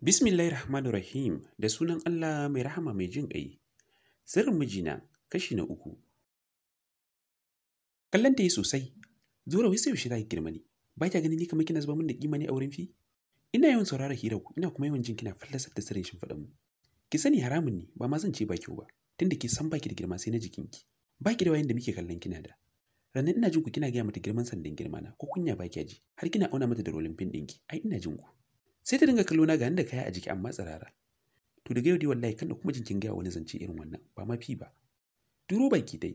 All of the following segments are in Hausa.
Bismillahir Rahmanir Rahim da sunan Allah mai rahama mai jin ƙai. Sirrin mijina kashi na uku. Kallon ta yi sosai, zuwa wasu yaushe za ki girma ne, ba ta ganin ni kamar kina zuba munda da kima ne a wurin fi? Ina yawan saurara hira ku, ina kuma yawan jin kina fallasar da sirrin shimfiɗa mu. Ki sani haramun ne, ba ma zan ce ba kyau ba, tunda ki san baki da girma sai na jikinki. Baki da wayan da muke kallon kina da. rannan ina jin ku kina gaya mata girman sandan girma na ko kunya ba ji har kina auna mata da rolin pin ɗinki ai ina jin ku sai ta dinga kallo na ga da kaya a jiki amma tsirara to daga yau dai wallahi kan kuma jinkin gaya wani zance irin wannan ba ma fi ba duro baki dai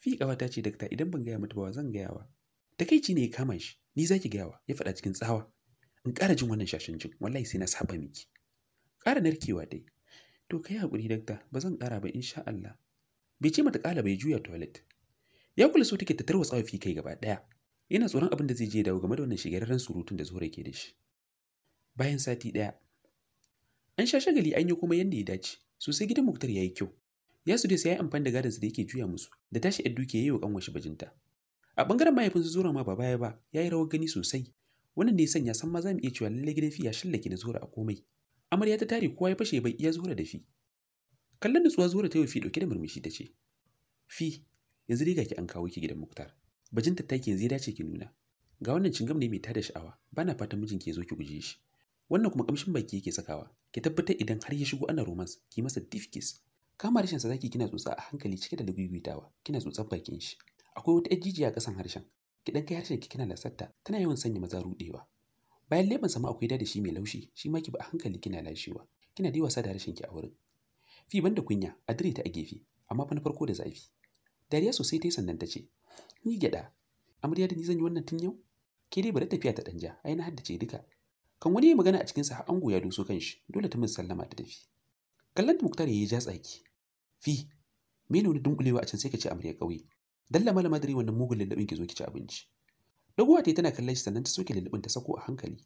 fi ta ce dakta idan ban gaya mata ba zan gaya wa takeici ne ya kama shi ni zaki gaya wa ya faɗa cikin tsawa in ƙara jin wannan jin, wallahi sai na saba miki ƙara narkewa dai to kai hakuri dakta ba zan ƙara ba insha Allah bai ce mata ƙala bai juya toilet ya kula so take ta tarwatsa fi kai gaba ɗaya Ina tsoron abin da zai je dawo game da wannan shigararren surutun da zuhra ke da shi bayan sati daya an sha shagali an yi kuma yadda ya dace sosai gidan muktar ya yi kyau ya su sai ya yi amfani da gadon su da yake juya musu da tashi yadda dukiya ya yi wa kanwashi bajinta a bangaren mahaifinsu zura ma ba baya ba ya yi rawar gani sosai wannan ne sanya san ma za mu iya cewa lallai gidan fi ya shallake na zura a komai amarya ta tare kowa ya fashe bai iya zura da fi kallon nutsuwa zura ta yi fi dauke da murmushi ta ce fi yanzu dai ki an kawo ki gidan muktar bajin tattaki yanzu ya dace ki nuna ga wannan cingam ne mai tada sha'awa bana fatan mijin ki zo ki guje shi wannan kuma kamshin baki yake sakawa ki tabbatar idan har ya shigo ana romance ki masa deep kiss kama harshen sa zaki kina tsotsa a hankali cike da dagwigwitawa kina tsotsar bakin shi akwai wata jijiya kasan harshen ki dan kai harshen ki kina lasatta, tana yawan sanya maza rudewa bayan leban sama akwai dada shi mai laushi shi ma ki ba a hankali kina lashewa kina dai wasa da harshen ki a wurin fi banda kunya a ta a gefe amma fa na farko da zafi dariya sosai ta yi sannan ta ce ni gyaɗa amarya da ni zan yi wannan tun yau ke dai bari tafiya ta danja ai na haddace duka kan wani magana a cikin sa an ya doso kanshi dole ta min sallama ta tafi kallon muktar ya yi ja tsaki fi me ne wani dunkulewa a can sai ka ce amarya kauye dalla malama dare wannan mugun lallabin ki zo ki ci abinci dagowa ta tana kallon shi sannan ta soke lallabin ta sako a hankali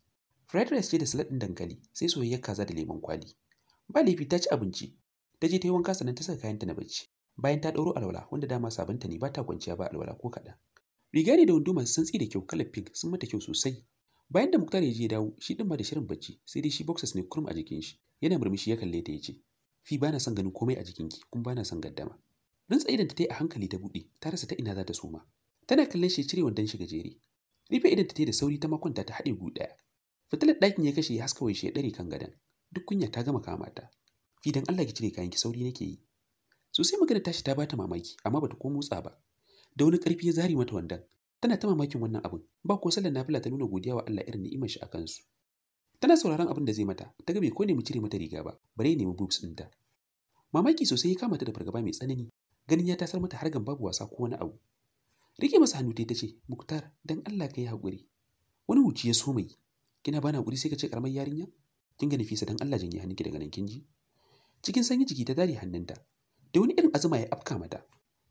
fried rice ce da salad ɗin dankali sai soyayyar kaza da lemon kwali ba laifi ta ci abinci ta je ta yi wanka sannan ta saka kayanta na bacci bayan ta ɗauro alwala wanda dama sabunta ne ba ta kwanciya ba alwala ko kaɗan. Riga ne da wando masu santsi da kyau kalar pink sun mata kyau sosai. Bayan da Muktar ya je dawo shi ɗin ma da shirin bacci sai dai shi boxers ne kurum a jikin shi yana murmushi ya kalle ta ya ce fi bana son ganin komai a jikinki kuma bana son gaddama. Rintsa idan ta yi a hankali ta buɗe ta rasa ta ina za ta suma. Tana kallon shi cire wandon shi gajere. Rufe idan ta yi da sauri ta makwanta ta haɗe gu ɗaya. Fitilar ɗakin ya kashe haska wai shi ya ɗare kan gadon. Duk kunya ta gama kama Fi dan Allah ki cire kayan ki sauri nake yi. sosai magana tashi ta bata mamaki amma bata ko motsa ba da wani karfi ya zari mata wandan tana ta mamakin wannan abun. ba ko sallar nafila ta nuna godiya wa Allah irin ni'imar shi a kansu tana sauraron abin da zai mata ta ga bai ko mu cire mata riga ba bare mu boobs din ta mamaki sosai ya kama ta da fargaba mai tsanani ganin ya tasar mata har gan babu wasa ko wani abu rike masa hannu ta ce muktar dan Allah ka yi hakuri. wani wuci ya so kina bana hakuri sai ka ce karamar yarinya kin ga nifisa dan Allah janye hannunki daga nan kin ji cikin sanyi jiki ta dare hannunta da wani irin azuma ya afka mata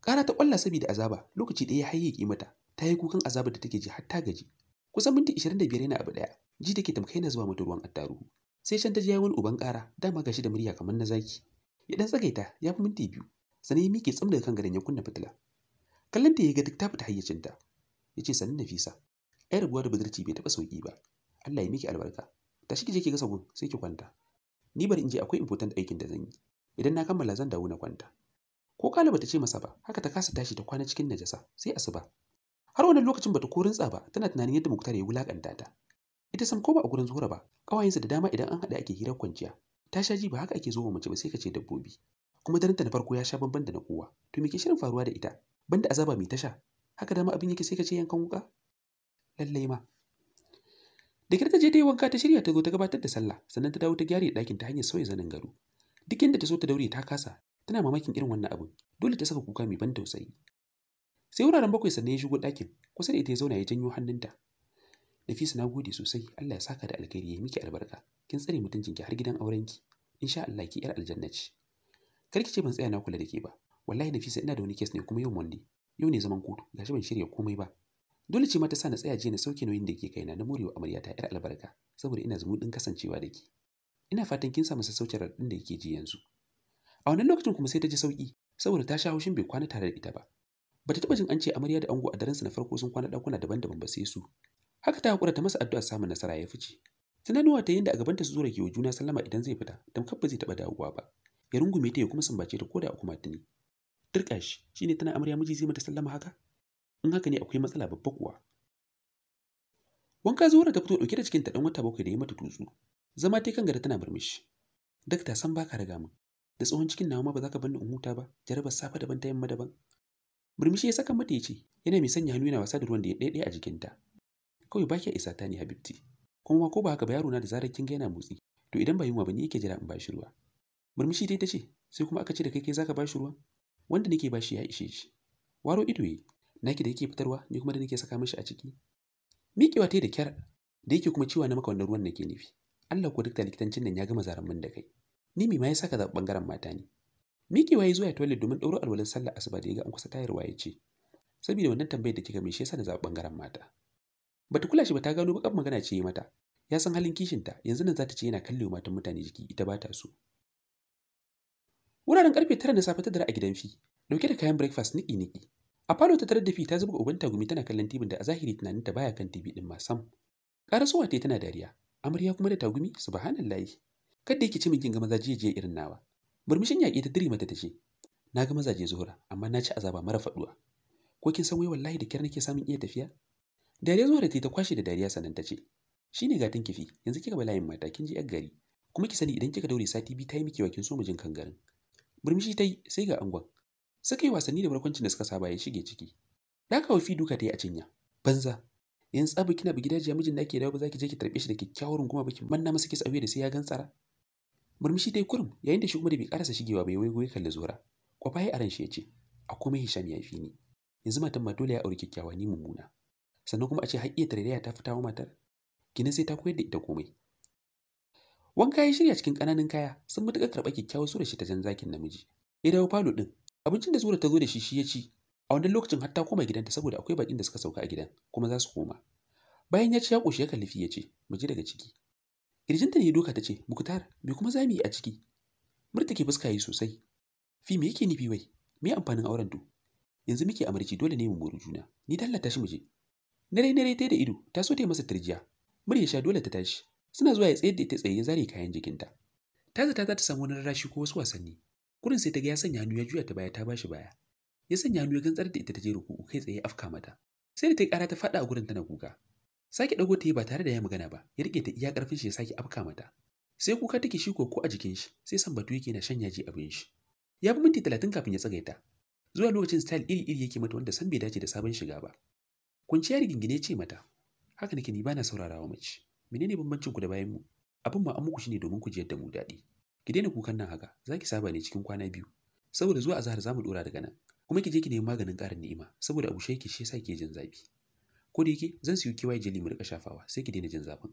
kara ta kwalla saboda azaba lokaci ɗaya ya hayyaki mata ta yi kukan azaba da take ji har ta gaji kusan minti 25 yana abu daya ji take tamkai na zuwa mata ruwan attaruhu sai shan ta ji wani uban kara dama gashi da murya kamar na zaki ya dan tsagaita ya fi minti biyu sannan ya miƙe tsam daga kan garin ya kunna fitila kallon ta ya ga duk ta fita ta ya ce sannan nafisa ai rabuwa da budurci bai taɓa sauki ba Allah ya miki albarka ta tashi ki je ki ga gun sai ki kwanta ni bari in je akwai important aikin da zan yi idan na kammala zan dawo na kwanta ko kala bata ce masa ba haka ta kasa tashi ta kwana cikin najasa sai asuba har wannan lokacin bata korin tsaba tana tunanin yadda muktar ya wulakanta ta ita sam ko ba a gurin zuwa ba kawayensa da dama idan an hada ake hirar kwanciya ta sha ji ba haka ake zo mace ba sai ka ce dabbobi kuma daranta na farko ya sha bamban da na kowa to me ke shirin faruwa da ita banda azaba mai tasha haka dama abin yake sai ka ce yankan wuka lallai ma da ta je ta yi wanka ta shirya ta zo ta gabatar da sallah sannan ta dawo ta gyara ɗakin ta hanyar sauya zanin gado duk inda ta so ta daure ta kasa tana mamakin irin wannan abun dole ta saka kuka mai ban tausayi sai wuraren bakwai sannan ya shigo ɗakin kusa da ita ya zauna ya janyo hannunta Nafisa na gode sosai Allah ya saka da alkhairi ya miki albarka kin tsare ki har gidan aurenki insha Allah ki yar aljanna ce kar ki ce ban tsaya na kula da ke ba wallahi Nafisa ina da wani kes ne kuma yau Monday yau ne zaman kotu gashi ban shirya komai ba dole ce mata sa na tsaya jiya na sauke nauyin da ke kaina na murewa amaryata yar albarka saboda ina zumuɗin kasancewa da ke ina fatan kin samu sassaucin raɗin da yake ji yanzu a wannan lokacin kuma sai ta ji sauƙi, saboda ta sha haushin bai kwana tare da ita ba bata taba jin an ce amarya da ango a daren su na farko sun kwana ɗakuna daban-daban ba sai su haka ta hakura ta masa addu'a samun nasara ya fice tunanuwa ta yinda a gabanta su zura kewa juna sallama idan zai fita don kabba zai taba dawowa ba ya rungume ta ya kuma sumbace ta koda a kuma tuni turka shi ne tana amarya miji zai mata sallama haka in haka ne akwai matsala babba kuwa wanka zuwa ta fito dauke da cikin ta dan wata bakwai da ya mata tutsu Zama ta kan gada tana murmushi. Dakta san baka riga mun. Da tsohon cikin nawa ma ba za ka bani in huta ba, jarabar safa daban ta yamma daban. Murmushi ya saka mata yace. yana mai sanya hannu yana wasa da ruwan da ya ɗaiɗaya a jikinta. Kawai baki isa ta ne Habibti. Kuma ma ko ba haka ba yaro na da zarar kinga yana motsi, to idan ba yunwa ba ni yake jira in bashi ruwa. Murmushi dai ta ce, sai kuma aka ce da kai kai zaka bashi ruwa? Wanda nake bashi ya ishe shi. Waro ido yi, naki da yake fitarwa ni kuma da nake saka mishi a ciki. Miƙewa ta da kyar, da yake kuma ciwa na maka wannan ruwan nake nufi. Allah ko duk da likitancin nan ya gama zaran mun da kai ni mi ma ya saka zaɓi bangaren mata ne miki waye zuwa toilet domin ɗauro alwalin sallar asuba da ya ga an kusa tayarwa ya ce saboda wannan tambayar da kika mai shi yasa na zaɓi bangaren mata bata kula shi ba ta gano bakan magana ce mata ya san halin kishinta yanzu nan za ta ce yana kalle matan mutane jiki ita ba ta so wuraren karfe tara na safe ta dara a gidan fi dauke da kayan breakfast niki niki a falo ta tarar da fi ta zuba uban tagumi tana kallon tibin da a zahiri tunaninta baya kan tibi ɗin ma sam Ƙarasuwa ta tana dariya amarya kuma da tagumi subhanallahi kada yake ce min kinga ga maza jiya irin nawa murmushin yaƙi ta diri mata ce. na ga mazaje zuhura amma na ci azaba mara faduwa ko kin san wai wallahi da kyar nake samun iya tafiya dariya zuhura ta ta kwashe da dariya sanan tace shine gatan kifi yanzu kika ba layin mata kin ji yar gari kuma ki sani idan kika daure sati biyu tayi miki wakin so jin kan garin murmushi ta yi, sai ga angon suka yi wasanni da barkwanci da suka saba ya shige ciki kawo fi duka ta yi a cinya banza in tsabu kina bugi daji mijin da ke dawo ba za ki je ki tarbe shi da kyakkyawar kuma ba ki manna masa kisa a da sai ya gan tsara murmushi dai kurum yayin da shi kuma da bai karasa shigewa bai waigo kalle zura zora kwafa ya aran shi ya ce a komai hisham ya fi ni yanzu matan ma dole ya auri kyakkyawa ni mummuna sannan kuma a ce tare da tarayya ta fita wa matar kina sai ta koyar da ita komai wanka ya shirya cikin ƙananan kaya sun matuƙar karɓa kyakkyawar sura shi ta jan zakin namiji ya dawo falo ɗin abincin da zura ta zo da shi shi ya ci a wannan lokacin har ta koma gidanta saboda akwai bakin da suka sauka a gidan kuma za su koma bayan ya ci ya koshi ya kallifi ya ce mu je daga ciki kirjinta ne doka ta ce muktar me kuma za mu yi a ciki murta ke fuska yi sosai fi me yake nufi wai me amfanin auren to yanzu muke amarci dole ne mu mori juna ni ta shi mu je nare nare ta da ido ta so ta yi masa turjiya murya sha dole ta tashi suna zuwa ya tsayar da ita tsaye ya zare kayan jikinta ta zata za ta samu wani rashi ko wasu wasanni kurin sai ta ga ya sanya hannu ya juya ta baya ta bashi baya ya sanya hannu ya gantsar da ita ta je ruku'u kai tsaye afka mata sai da ta kara ta fada a gurin tana kuka sake dago ta yi ba tare da ya magana ba ya rike ta iya karfin shi ya sake afka mata sai kuka take shi ko a jikin shi sai san batu yake na shanya ji abin shi ya bi minti talatin kafin ya tsagaita zuwa lokacin style iri iri yake mata wanda san bai dace da sabon shiga ba kunciya rigingine ce mata haka nake ni bana saurarawa mace menene bambancin ku da bayan mu abin ma an muku shine domin ku ji yadda mu daɗi ki daina kukan nan haka za saba ne cikin kwana biyu saboda zuwa azahar za dora daga nan kuma ki je ki nemi maganin ƙarin ni'ima saboda abu sheki shi yasa kike jin zafi ko da yake zan siyo kiwaye jeli mu rika shafawa sai ki daina jin zafin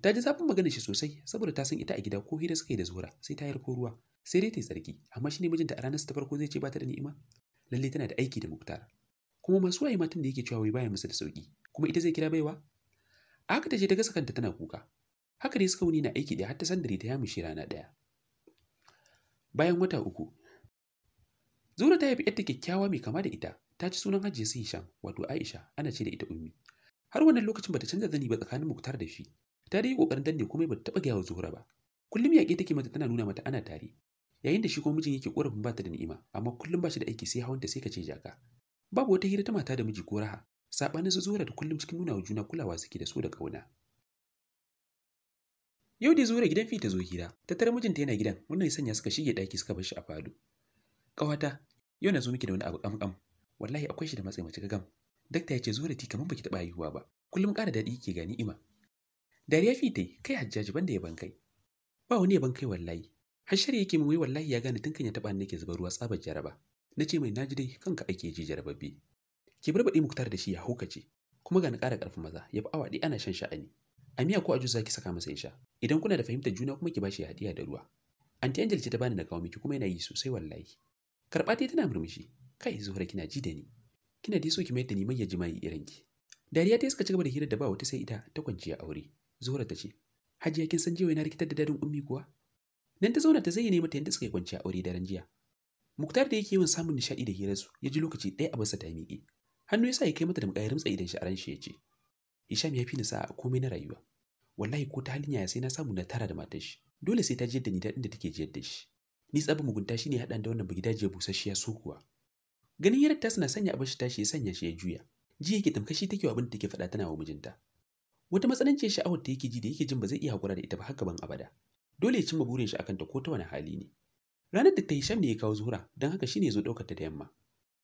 ta ji zafin maganar shi sosai saboda ta san ita a gida ko hira suka yi da zuwa sai ta rufo ruwa sai dai ta yi tsarki amma shi ne mijinta a ranar ta farko zai ce bata ta da ni'ima lalle tana da aiki da muktar kuma masu waye matan da yake cewa wai baya musu da sauki kuma ita zai kira baiwa haka ta je ta gasa kanta tana kuka haka dai suka wuni na aiki da har ta sandare ta yamushe rana daya bayan wata uku Zura ta haifi yadda kyakkyawa mai kama da ita, ta ci sunan Hajiya su Hisham, wato Aisha, ana ce da ita Ummi. Har wannan lokacin bata canza zani ba tsakanin Muktar da shi. Ta dai kokarin danne komai bata taba gaya wa ba. Kullum yaƙe take mata tana nuna mata ana tare. Yayin da shi kuma mijin yake korafin bata da ni'ima, amma kullum ba shi da aiki sai hawan ta sai ka ce jaka. Babu wata hira ta mata da miji ko raha, sabanin su Zuhura da kullum cikin nuna wa juna kulawa suke da su da kauna. Yau da zura gidan fi ta zo hira, tattara mijinta yana gidan, wannan ya sanya suka shige daki suka bar shi a falo. kawata yau na zo miki da wani abu kamkam Wallahi akwai shi da matsayi mace gagam. Dakta ya ce zo da ti kamar baki taɓa haihuwa ba. Kullum ƙara daɗi yake ga ima. Dariya fi tai, kai hajjaji banda ya bankai. Ba wani ya bankai wallahi. Hashari yake min wai wallahi ya gane tunkan ya taɓa nake zuba ruwa tsabar jaraba. Na ce mai naji dai kanka ake ji jarababbe. Ki baɗi muktar da shi ya hukace. Kuma ga na ƙara ƙarfin maza, ya fi awa ana shan sha'ani. a miya ko a jus zaki saka masa ya sha idan kuna da fahimtar juna kuma ki bashi hadiya da ruwa anti angel ce ta bani na kawo miki kuma yana yi sosai wallahi karɓa dai tana murmushi kai zuhura kina ji da ni kina dai so ki mayar da ni manyan jima'i irin ki dariya ta suka ci gaba da hirar da ba wata sai ita ta kwanciya aure Zuhra ta ce hajiya kin san jiya na rikitar da dadin ummi kuwa nan ta zauna ta zayyane mata yadda suka yi kwanciya aure daren jiya muktar da yake yawan samun nishaɗi da hirarsu ya ji lokaci ɗaya a basa ta miƙe hannu ya sa ya kai mata da muƙayar rumtsa idan shi a ran shi ya ce Isham ya fi ni sa komai na rayuwa wallahi ko ta halin yaya sai na samu na tara da matar shi dole sai ta jiyar da ni ta inda take jiyar da shi ni tsabin mugunta shine hadan da wannan je busasshiya su kuwa ganin yarar ta na sanya abin shi tashi ya sanya shi ya juya ji yake tamkashi take abin da take faɗa tana wa mijinta wata matsananciyar sha'awar da yake ji da yake jin ba zai iya hakura da ita ba haka ban abada dole ya cimma burin shi akan ta ko ta wani hali ne ranar da ta yi shan ne ya kawo zuhura don haka shine zo ɗaukar ta da yamma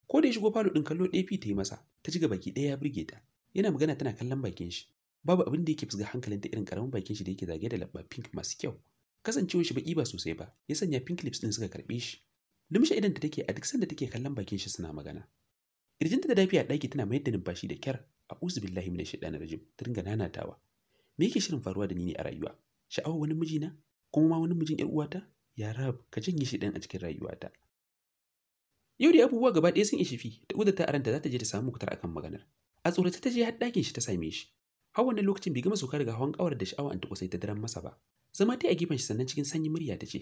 ko da ya shigo falo ɗin kallo ɗaya ta yi masa ta ji baki ɗaya ya burge ta yana magana tana kallon bakin shi babu abin da yake fusga hankalinta irin karamin bakin shi da yake zage da labba pink masu kyau kasancewar shi baki ba sosai ba ya sanya pink lips din suka karbe shi lumshe idan da take a duk sanda take kallon bakin shi suna magana kirjinta da dafiya daki tana mayar da numfashi da kyar a uzu billahi minash shaitani rajim ta dinga nanatawa me yake shirin faruwa da ni ne a rayuwa sha'awar wani miji na kuma ma wani mijin yar uwata ya rab ka janye shi dan a cikin rayuwata yau da abubuwa gaba ɗaya sun ishifi da udata aranta za ta je ta samu kutar akan maganar a tsorata ta je har ɗakin shi ta same shi har wannan lokacin bai gama sauka daga hawan kawar da sha'awa an sai ta daren masa ba zama ta a gefen shi sannan cikin sanyi murya ta ce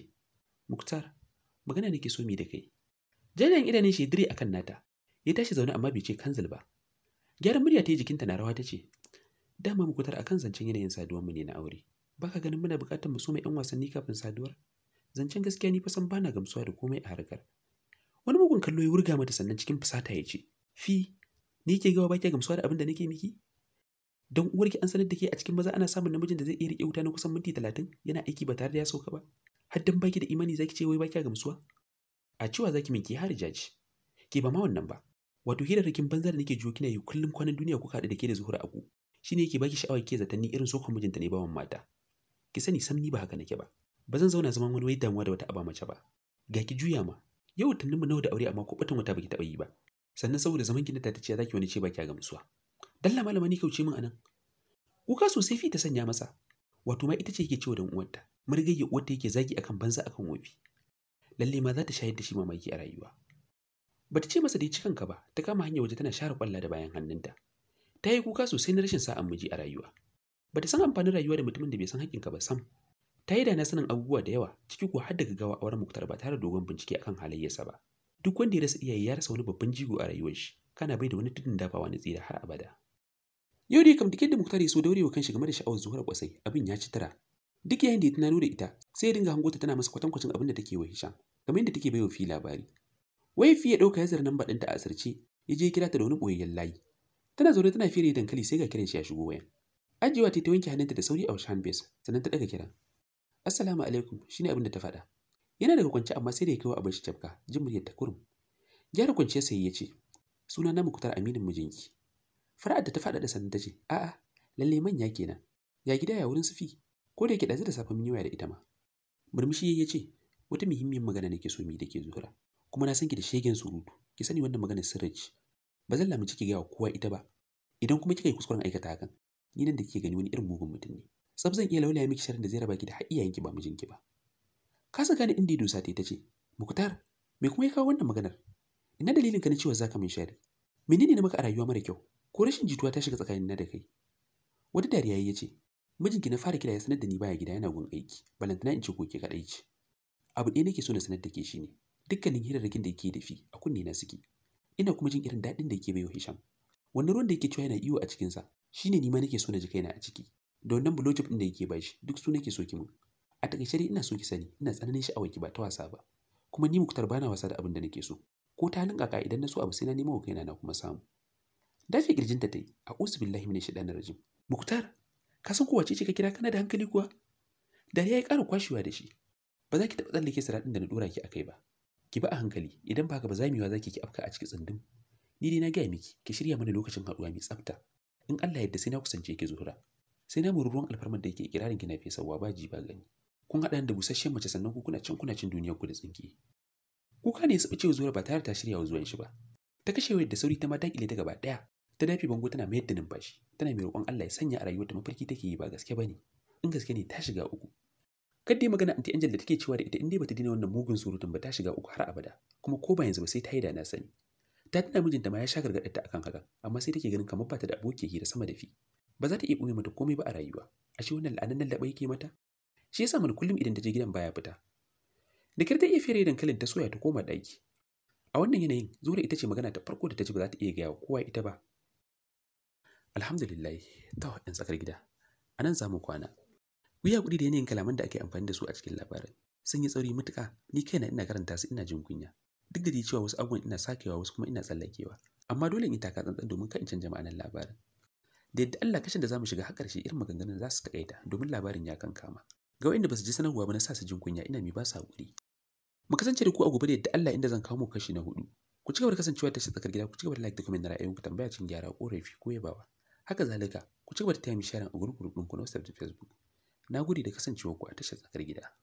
muktar magana nake so mi da kai jajayen idanun shi dire akan nata ya tashi zaune amma bai ce kanzil ba gyaran murya ta yi jikinta na rawa ta ce dama muktar akan zancen yanayin saduwar mu ne na aure baka ganin muna bukatar mu so mai yan wasanni kafin saduwar zancen gaskiya ni fasan san bana gamsuwa da komai a harkar wani mugun kallo ya wurga mata sannan cikin fusata ya ce fi ni ke gawa ba gamsuwa da abin da nake miki don uwar uwarki an sanar da ke a cikin maza ana samun namijin da zai iya rike wuta na kusan minti talatin yana aiki ba tare da ya sauka ba har dan baki da imani zaki ce wai baki gamsuwa a cewa zaki min ki har jaji ke ba ma wannan ba wato hirarrakin banza da nake jiyo kina yi kullum kwanan duniya kuka haɗu da ke da zuhura shi shine yake baki sha'awar ke zatanni irin sokon mijinta ne bawan mata ki sani sam ni ba haka nake ba ba zan zauna zaman wani wai damuwa da wata aba mace ba ga ki juya ma yau tannin mu nawa da aure amma ko batun wata baki taɓa yi ba sannan saboda zaman ki na ta ce zaki wani ce baki gamsuwa dalla malama ni kauce min anan kuka sosai fi ta sanya masa wato ma ita ce yake cewa dan uwarta marigayya uwarta yake zagi akan banza akan wofi lalle ma za ta shayar da shi mamaki a rayuwa bata ce masa dai cikan ka ba ta kama hanya waje tana share kwalla da bayan hannunta ta yi kuka sosai na rashin sa'an miji a rayuwa bata san amfanin rayuwa da mutumin da bai san haƙƙinka ba sam ta yi da na sanin abubuwa da yawa ciki ko har da gawa auren muktar ba tare da dogon bincike akan halayyarsa ba duk wanda ya rasa iyaye ya rasa wani babban jigo a rayuwar shi kana bai da wani tudun dafawa na tsira har abada Yau dai kam duk yadda Muktar ya so daurewa kanshi game da sha'awar zuhar kwasai abin ya ci tara. Duk yayin da ya tunano ita sai ya dinga hangota tana masa kwatankwacin abin da take wa hisha, kamar yadda take baiwa fi labari. Wai fi ya ɗauka ya zara namba ɗinta a asirce ya je kira ta da wani ɓoyayyen layi. Tana zaune tana fere dankali sai ga kiran shi ya shigo wayan. Ajiyewa ta ta wanke hannunta da sauri a washan base sannan ta ɗaga kiran. Assalamu alaikum shine abin da ta faɗa. Yana daga kwance amma sai da ya kai wa abin shi jabka jin muryar ta kurum. Gyara kwanciyar ya ce suna na Muktar aminin mijinki. fara da ta faɗaɗa sannan ta ce, A'a, lalle manya kenan. Ya gida ya wurin sufi, ko da yake ɗazu da safe mun yi da ita ma. Murmushi ya ce, wata muhimmiyar magana nake so mu da ke zuhura, kuma na san ki da shegen surutu, ki sani wannan maganar sirri ce. Ba zan lamu ki ga kowa ita ba. Idan kuma kika yi kuskuren aikata hakan, ni nan da kike gani wani irin mugun mutum ne. Tsaf zan iya laulaya miki sharin da zai raba ki da har ki ba mijinki ba. Kasa gane inda ya dosa ta ta ce, Muktar, me kuma ya kawo wannan maganar? Ina dalilin ka na cewa zaka min shari? Menene na maka a rayuwa mara kyau? ko rashin jituwa ta shiga tsakanin na da kai Wani dariya ya ce mijinki na fara kira ya sanar da ni baya gida yana gun aiki balantana in ce ko ke kaɗai ce abu ɗaya nake so na sanar da ke shi ne dukkanin hirarrakin da yake da fi a kunne na suke ina kuma jin irin daɗin da yake bayo Hisham wannan ruwan da yake cewa yana iyo a cikin sa shine ni ma nake so na ji kaina a ciki da wannan blowjob ɗin da yake bashi duk su nake so ki mun a takaice dai ina so ki sani ina tsananin sha'awar waki ba ta wasa ba kuma ni muktar bana wasa da abin da nake so ko ta linka ka idan na so abu sai na nemo kaina na kuma samu dafi kirjinta ta yi a usu billahi mini shi ɗanar rajim muktar ka san kowace ce ka kira kana da hankali kuwa dariya ya yi ƙara kwashewa da shi ba za ki taɓa tsallake siraɗin da na ɗora ki a kai ba ki ba a hankali idan ba ka ba zamiwa za ki ki afka a cikin tsundum ni dai na gaya miki ki shirya mana lokacin haɗuwa mai tsafta in Allah yadda sai na kusance ki zuhura sai na mu ruwan alfarmar da yake kirarin fesa wa ba ji ba gani kun haɗa da busasshen mace sannan kuna cin kuna cin duniyar ku da tsinki kuka ne ya saba zuwa ba tare ta shirya wa zuwan shi ba ta kashe wa yadda sauri ta ma daƙile ta gaba ɗaya ta dafi bango tana mayar da numfashi tana mai roƙon Allah ya sanya a rayuwarta mafarki take yi ba gaske bane in gaske ne ta shiga uku kadda magana anti angel da take cewa da ita in dai bata dina wannan mugun surutun ba ta shiga uku har abada kuma ko ba yanzu ba sai ta yi da na sani ta tana mijinta ma ya sha gargaɗar ta akan haka amma sai take ganin kamar bata da aboki hira sama da fi ba za ta iya ɓoye mata komai ba a rayuwa ashe wannan la'anan laɓa yake mata shi yasa mana kullum idan ta je gidan baya fita da kyar ta iya fere dankalin ta soya ta koma ɗaki a wannan yanayin zuwa ita ce magana ta farko da ta ji ba za ta iya gaya kowa ita ba Alhamdulillah, ta ɗan tsakar gida, a nan za mu kwana. Wuya kuɗi da yanayin kalaman da ake amfani da su a cikin labarin sun yi tsauri matuƙa, ni kaina ina karanta su ina jin kunya. Duk da cewa wasu abubuwan ina sakewa wasu kuma ina tsallakewa, amma dole in taka tsantsan domin kan in canja ma'anar labarin. Da yadda Allah kashin da za mu shiga har ƙarshe irin maganganun za su taƙaita domin labarin ya kankama. Ga inda ba su ji sanarwa ba na sa su jin kunya ina mai ba su haƙuri. Mu kasance da ku a gobe da yadda Allah inda zan kawo mu kashi na hudu. Ku ci gaba da kasancewa da shi tsakar gida ku ci da like da comment na tambaya cin gyara ƙorafi ko yabawa. haka zalika ku ci gaba da taya mi sharing a group group na WhatsApp da Facebook na gode da kasancewarku a tashar tsakar gida